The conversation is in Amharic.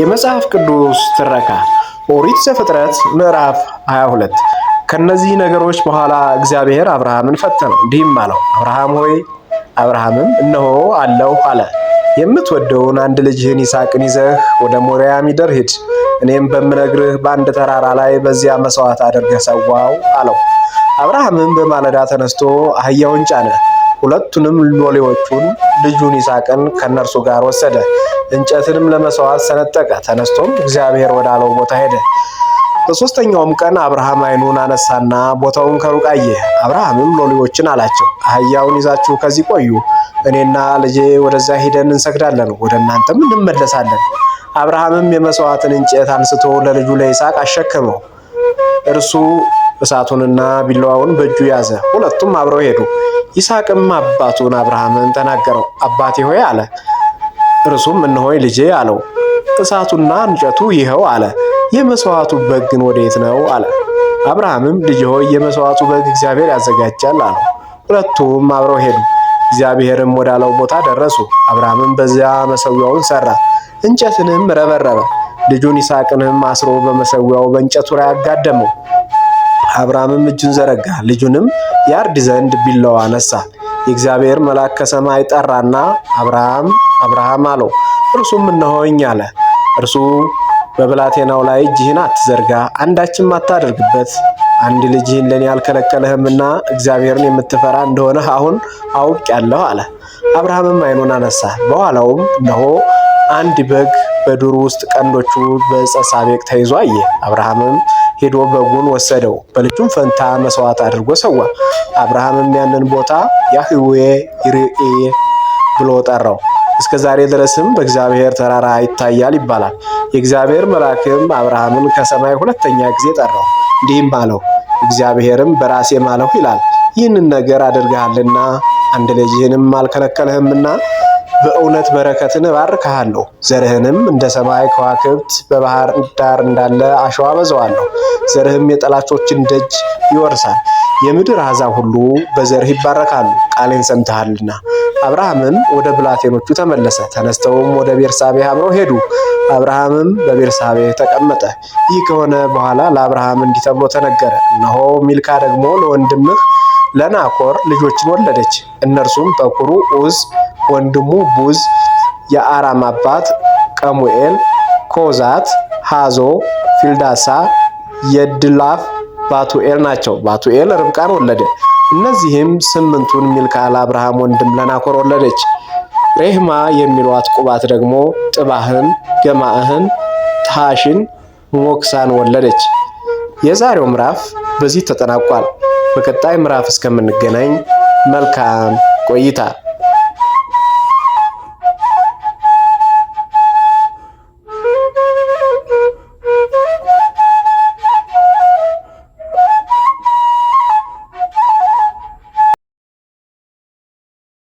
የመጽሐፍ ቅዱስ ትረካ ኦሪት ዘፍጥረት ምዕራፍ 22 ከነዚህ ነገሮች በኋላ እግዚአብሔር አብርሃምን ፈተነው፣ እንዲህም አለው፣ አብርሃም ሆይ። አብርሃምም እነሆ አለሁ አለ። የምትወደውን አንድ ልጅህን ይስሐቅን ይዘህ ወደ ሞሪያ ምድር ሂድ፣ እኔም በምነግርህ በአንድ ተራራ ላይ በዚያ መሥዋዕት አድርገህ ሰዋው አለው። አብርሃምም በማለዳ ተነስቶ አህያውን ጫነ፣ ሁለቱንም ሎሌዎቹን፣ ልጁን ይስሐቅን ከእነርሱ ጋር ወሰደ። እንጨትንም ለመሰዋት ሰነጠቀ። ተነስቶም እግዚአብሔር ወዳለው ቦታ ሄደ። በሦስተኛውም ቀን አብርሃም ዓይኑን አነሳና ቦታውን ከሩቅ አየ። አብርሃምም ሎሌዎችን አላቸው፣ አህያውን ይዛችሁ ከዚህ ቆዩ፣ እኔና ልጄ ወደዚያ ሂደን እንሰግዳለን፣ ወደ እናንተም እንመለሳለን። አብርሃምም የመሥዋዕትን እንጨት አንስቶ ለልጁ ለይስሐቅ አሸከመው። እርሱ እሳቱንና ቢላዋውን በእጁ ያዘ። ሁለቱም አብረው ሄዱ። ይስሐቅም አባቱን አብርሃምን ተናገረው። አባቴ ሆይ አለ። እርሱም እነሆኝ ልጄ አለው። እሳቱና እንጨቱ ይኸው አለ። የመሥዋዕቱ በግ ግን ወዴት ነው አለ። አብርሃምም ልጅ ሆይ የመሥዋዕቱ በግ እግዚአብሔር ያዘጋጃል አለው። ሁለቱም አብረው ሄዱ። እግዚአብሔርም ወዳለው ቦታ ደረሱ። አብርሃምም በዚያ መሠዊያውን ሠራ፣ እንጨትንም ረበረበ። ልጁን ይስሐቅንም አስሮ በመሠዊያው በእንጨቱ ላይ አጋደመው። አብርሃምም እጁን ዘረጋ፣ ልጁንም ያርድ ዘንድ ቢላዋ አነሳ። የእግዚአብሔር መልአክ ከሰማይ ጠራና አብርሃም አብርሃም አለው። እርሱም እነሆኝ አለ። እርሱ በብላቴናው ላይ እጅህን አትዘርጋ፣ አንዳችም አታደርግበት። አንድ ልጅህን ለእኔ አልከለከለህምና እግዚአብሔርን የምትፈራ እንደሆነህ አሁን አውቄአለሁ አለ። አብርሃምም ዓይኑን አነሳ፣ በኋላውም እነሆ አንድ በግ በዱር ውስጥ ቀንዶቹ በዕፀ ሳቤቅ ተይዞ አየ። አብርሃምም ሄዶ በጉን ወሰደው፣ በልጁም ፈንታ መስዋዕት አድርጎ ሰዋ። አብርሃምም ያንን ቦታ ያህዌ ይርኢ ብሎ ጠራው። እስከ ዛሬ ድረስም በእግዚአብሔር ተራራ ይታያል ይባላል። የእግዚአብሔር መልአክም አብርሃምን ከሰማይ ሁለተኛ ጊዜ ጠራው፣ እንዲህም አለው። እግዚአብሔርም በራሴ ማለሁ ይላል፣ ይህንን ነገር አድርገሃልና አንድ ልጅህንም አልከለከልህምና በእውነት በረከትን እባርክሃለሁ፣ ዘርህንም እንደ ሰማይ ከዋክብት በባህር ዳር እንዳለ አሸዋ በዘዋለሁ። ዘርህም የጠላቶችን ደጅ ይወርሳል። የምድር አሕዛብ ሁሉ በዘርህ ይባረካሉ ቃሌን ሰምተሃልና። አብርሃምም ወደ ብላቴኖቹ ተመለሰ። ተነስተውም ወደ ቤርሳቤህ አብረው ሄዱ። አብርሃምም በቤርሳቤህ ተቀመጠ። ይህ ከሆነ በኋላ ለአብርሃም እንዲህ ተብሎ ተነገረ፣ እነሆ ሚልካ ደግሞ ለወንድምህ ለናኮር ልጆችን ወለደች። እነርሱም በኩሩ ዑዝ፣ ወንድሙ ቡዝ፣ የአራም አባት ቀሙኤል፣ ኮዛት፣ ሃዞ፣ ፊልዳሳ፣ የድላፍ ባቱኤል ናቸው። ባቱኤል ርብቃን ወለደ። እነዚህም ስምንቱን ሚልካ ለአብርሃም ወንድም ለናኮር ወለደች። ሬህማ የሚሏት ቁባት ደግሞ ጥባህን፣ ገማእህን፣ ታሽን ሞክሳን ወለደች። የዛሬው ምዕራፍ በዚህ ተጠናቋል። በቀጣይ ምዕራፍ እስከምንገናኝ መልካም ቆይታ